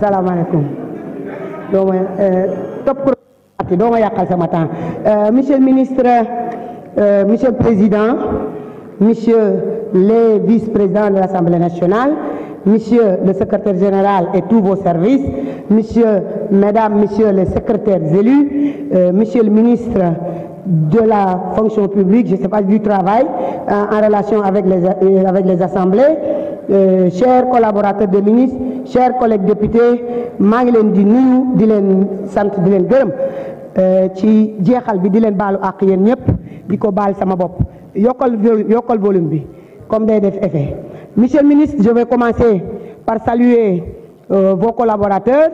Eh, eh, monsieur le ministre eh, monsieur le président monsieur les vice-présidents de l'Assemblée nationale monsieur le secrétaire général et tous vos services monsieur mesdames messieurs les secrétaires élus monsieur le ministre de la fonction publique je ne sais pas du travail en relation avec les avec les assemblées euh, chers collaborateurs des ministres chers collègues députés M. Euh, Monsieur le ministre je vais commencer par saluer euh, vos collaborateurs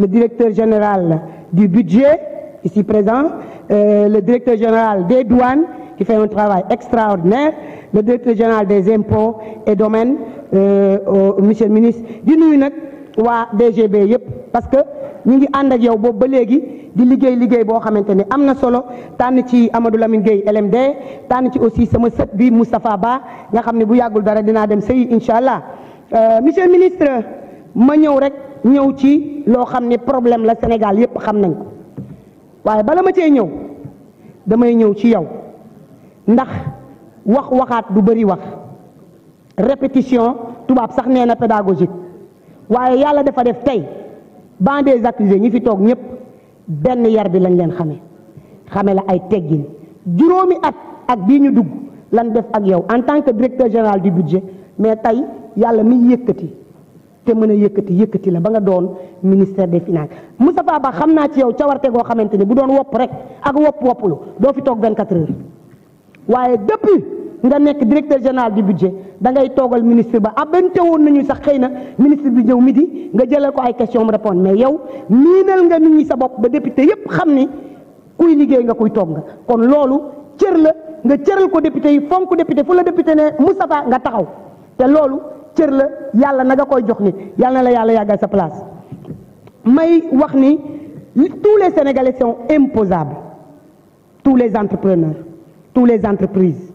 le directeur général du budget ici présent le directeur général des douanes qui fait un travail extraordinaire le directeur général des impôts et domaines. Euh, monsieur le ministre di nuyu nag waa DGB yëpp parce que ñu ngi ànd ak yow boobu ba léegi di liggéey liggéey boo xamante ni am na solo tànn ci Amadou Lamine Gueye LMD tànn ci aussi sama sët bi Moustapha Ba nga xam ne bu yàggul dara dinaa dem sëy incha allah euh, monsieur le ministre ma ñëw rek ñëw ci loo xam ne problème la Sénégal yëpp xam nañ ko waaye bala ma cee ñëw damay ñëw ci yow ndax wax waxaat du bëri wax répétition tubaab sax nee na pédagogique waaye yàlla dafa def tey ban des accusés ñi fi toog ñëpp benn yar bi lañ leen ay at ak bii dugg def ak yow en tant que directeur général du budget mais tey yàlla mi yëkkati te a yëkkati la ba nga doon ministère des finances Moustapha Ba xam ci yow cawarte goo xamante bu doon wopp rek ak wopp woppulu doo fi 24 heures waaye depuis nga nekk directeur général du budget da ngay toogal ministre ba abante won nañu sax xeyna ministre bi ñëw midi nga jëlé ko ay question mu répondre mais yow minal nga nit ñi sa bop ba député yépp xamni kuy liggéey nga kuy toog kon loolu cër la nga cëral ko député yi fonk député fu la député né Moustapha nga taxaw té loolu cër la yàlla na nga koy jox nit yàlla na la yàlla yàggal sa place may wax ni tous les Sénégalais sont imposables tous les entrepreneurs tous les entreprises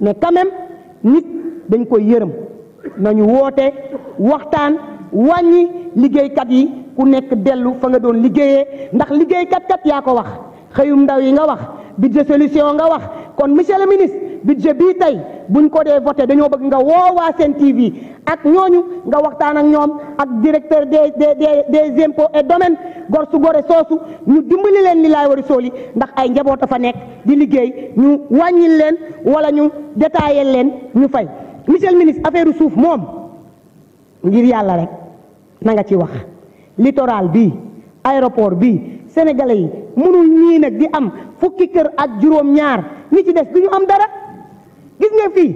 mais quand nit dañ koy yërëm nañu woote waxtaan wàññi liggéeykat yi ku nekk dellu fa nga doon liggéeyee ndax liggéeykat kat yaa ko wax xëyum ndaw yi nga wax budget solution nga wax kon monsieur le ministre budget bii tey buñ ko dee voté dañoo bëgg nga woowaa seen TV ak ñooñu nga waxtaan ak ñoom ak directeur des des des impôts et domaines gor su gore soosu ñu dimbali leen li laay wari sooli ndax ay njaboot a fa nekk di liggéey ñu wàññil leen wala ñu détaillé leen ñu fay monsieur le ministre affaire suuf moom ngir yàlla rek na nga ci wax littoral bi aéroport bi sénégalais yi mënul ñii nag di am fukki kër ak juróom ñaar ñi ci des du ñu am dara gis nga fii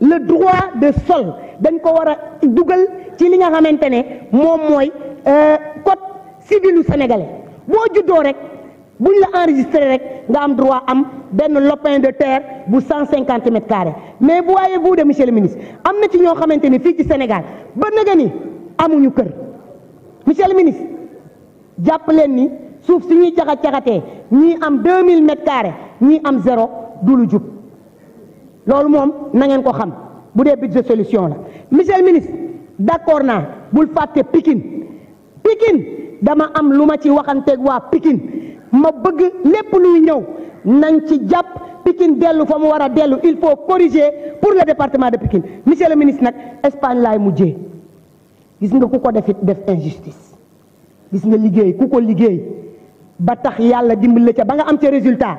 le droit de sol dañ ko war a dugal ci li nga xamante ne moom mooy euh, code civilu sénégalais boo juddoo rek buñ la enregistré rek nga am droit am benn lopin de terre bu 150 cinquante mètres carrés mais voyez-vous de monsieur le ministre am na ci ñoo xamante ne fii ci Sénégal ba naga ni amuñu kër monsieur le ministre jàpp leen ni suuf si ñuy caxat caxatee ñii am 2000 mille mètres carrés ñii am zéro du lu jub loolu moom na ngeen ko xam bu dee budget solution la monsieur le ministre d' accord naa bul fàtte Pikine Pikine dama am lu ma ci waxanteeg waa Pikine ma bëgg lépp luy ñëw nañ ci jàpp Pikine dellu fa mu war a dellu il faut corriger pour le département de Pikine monsieur le ministre nag Espagne laay mujjee gis nga ku ko defit def injustice gis nga liggéey ku ko liggéey ba tax yàlla dimbali ca ba nga am ca résultat